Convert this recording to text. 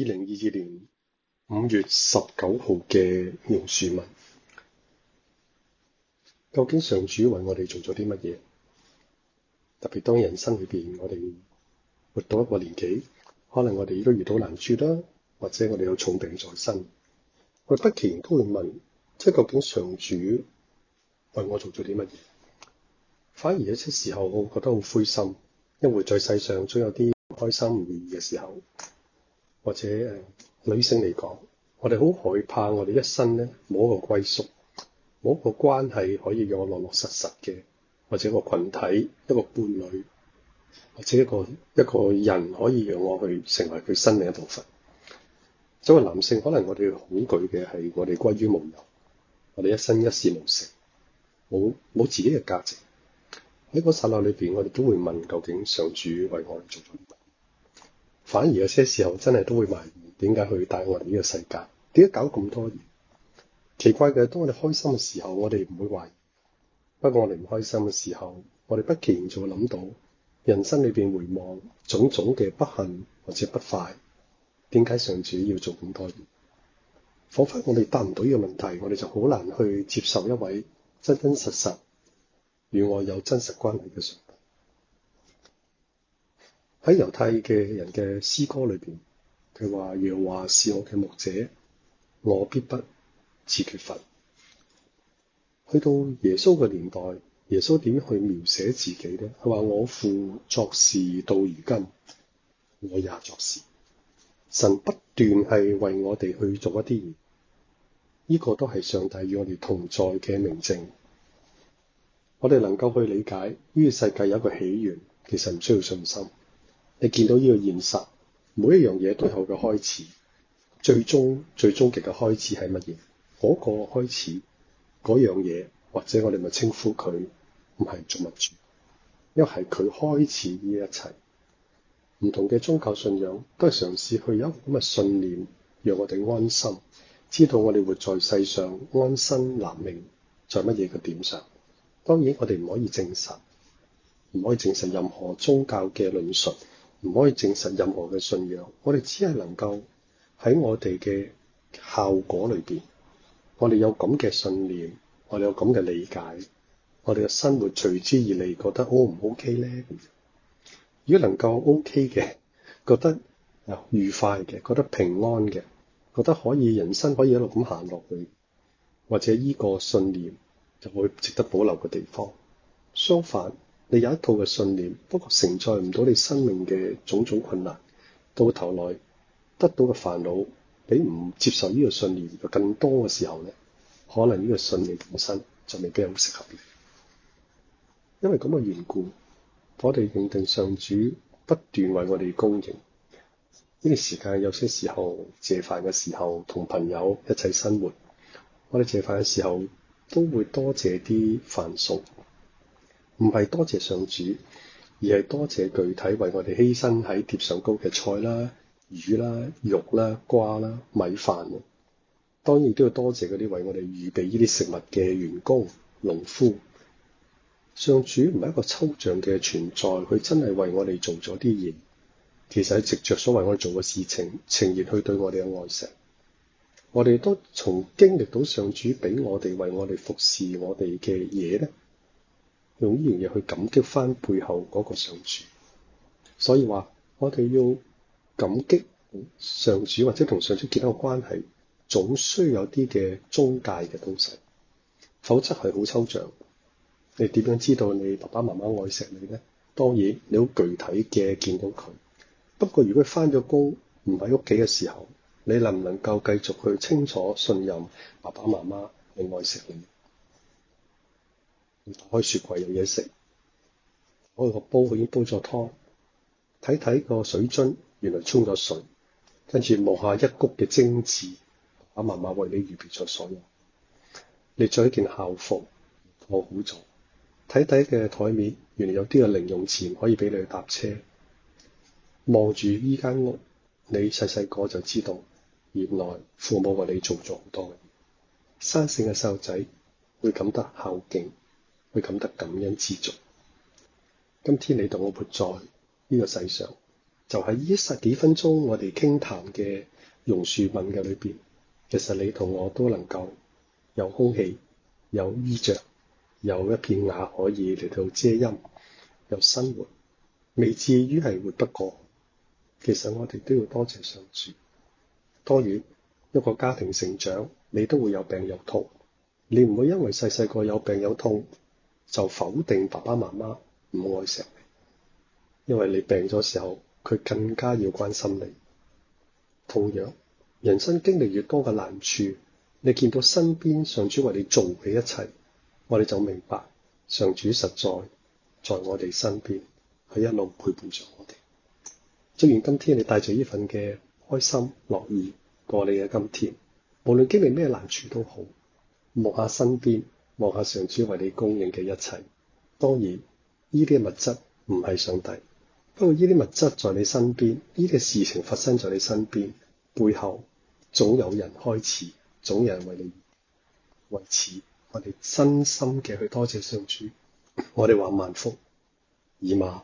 二零二二年五月十九號嘅楊樹文，究竟上主為我哋做咗啲乜嘢？特別當人生裏邊，我哋活到一個年紀，可能我哋都遇到難處啦，或者我哋有重病在身，我哋不期然都會問：即係究竟上主為我做咗啲乜嘢？反而有些時候，我覺得好灰心，因為在世上總有啲唔開心、唔如意嘅時候。或者誒、呃、女性嚟講，我哋好害怕我哋一生咧冇一個歸宿，冇一個關係可以讓我落落實實嘅，或者一個群體一個伴侶，或者一個一個人可以讓我去成為佢生命一部分。作為男性，可能我哋恐懼嘅係我哋歸於無有，我哋一生一事無成，冇冇自己嘅價值。喺個剎那裏邊我哋都會問，究竟上主為我哋做咗咩？反而有些時候真係都會埋怨，點解去帶我入呢個世界？點解搞咁多嘢？奇怪嘅，當我哋開心嘅時候，我哋唔會埋怨；不過我哋唔開心嘅時候，我哋不期然就會諗到人生裏邊回望種種嘅不幸或者不快，點解上主要做咁多嘢？仿佛我哋答唔到呢個問題，我哋就好難去接受一位真真實實與我有真實關係嘅喺猶太嘅人嘅詩歌裏邊，佢話：耶和華是我嘅牧者，我必不致缺乏。去到耶穌嘅年代，耶穌點去描寫自己咧？佢話：我父作事到如今，我也作事。神不斷係為我哋去做一啲嘢，呢、這個都係上帝與我哋同在嘅明證。我哋能夠去理解呢個世界有一個起源，其實唔需要信心。你見到呢個現實，每一樣嘢都有個開始。最終，最終極嘅開始係乜嘢？嗰個開始嗰樣嘢，或者我哋咪稱呼佢唔係造物主。因為係佢開始呢一切。唔同嘅宗教信仰都係嘗試去有咁嘅信念，讓我哋安心，知道我哋活在世上，安身立命，在乜嘢嘅點上。當然，我哋唔可以證實，唔可以證實任何宗教嘅論述。唔可以證實任何嘅信仰，我哋只係能夠喺我哋嘅效果裏邊，我哋有咁嘅信念，我哋有咁嘅理解，我哋嘅生活隨之而嚟，覺得 O 唔 OK 咧？如果能夠 OK 嘅，覺得愉快嘅，覺得平安嘅，覺得可以人生可以一路咁行落去，或者呢個信念就會值得保留嘅地方。相反。你有一套嘅信念，不過承載唔到你生命嘅種種困難，到頭來得到嘅煩惱比唔接受呢個信念而更多嘅時候咧，可能呢個信念本身就未必好適合你。因為咁嘅緣故，我哋認定上主不斷為我哋供應。呢段時間有些時候謝飯嘅時候同朋友一齊生活，我哋謝飯嘅時候都會多謝啲飯餸。唔係多謝上主，而係多謝具體為我哋犧牲喺碟上高嘅菜啦、魚啦、肉啦、瓜啦、米飯。當然都要多謝嗰啲為我哋預備呢啲食物嘅員工、農夫。上主唔係一個抽象嘅存在，佢真係為我哋做咗啲嘢。其實係直着所為我哋做嘅事情，呈現佢對我哋嘅愛惜。我哋都從經歷到上主俾我哋為我哋服侍我哋嘅嘢咧。用呢樣嘢去感激翻背後嗰個上主，所以話我哋要感激上主或者同上主建立個關係，總需有啲嘅中介嘅東西，否則係好抽象。你點樣知道你爸爸媽媽愛錫你咧？當然你好具體嘅見到佢。不過如果佢翻咗工唔喺屋企嘅時候，你能唔能夠繼續去清楚信任爸爸媽媽你愛錫你？開雪櫃有嘢食，開個煲已經煲咗湯，睇睇個水樽，原來沖咗水，跟住望下一谷嘅精緻，阿嫲嫲為你預備咗所有。你着一件校服，我好做。睇睇嘅台面，原來有啲嘅零用錢可以俾你去搭車。望住呢間屋，你細細個就知道，原來父母為你做咗好多嘅嘢。生性嘅細路仔會感得孝敬。會感得感恩知足。今天你同我活在呢個世上，就喺、是、呢十幾分鐘我哋傾談嘅榕樹文嘅裏邊，其實你同我都能夠有空氣、有衣着、有一片瓦可以嚟到遮陰、有生活，未至於係活不過。其實我哋都要多謝上主。當然，一個家庭成長，你都會有病有痛，你唔會因為細細個有病有痛。就否定爸爸媽媽唔愛錫你，因為你病咗時候佢更加要關心你。同樣，人生經歷越多嘅難處，你見到身邊上主為你做嘅一切，我哋就明白上主實在在我哋身邊，佢一路陪伴着我哋。雖然今天你帶住呢份嘅開心、樂意過你嘅今天，無論經歷咩難處都好，望下身邊。望下上主為你供應嘅一切，當然呢啲物質唔係上帝，不過呢啲物質在你身邊，呢啲事情發生在你身邊，背後總有人開始，總有人為你為此，我哋真心嘅去多謝上主，我哋話萬福爾瑪。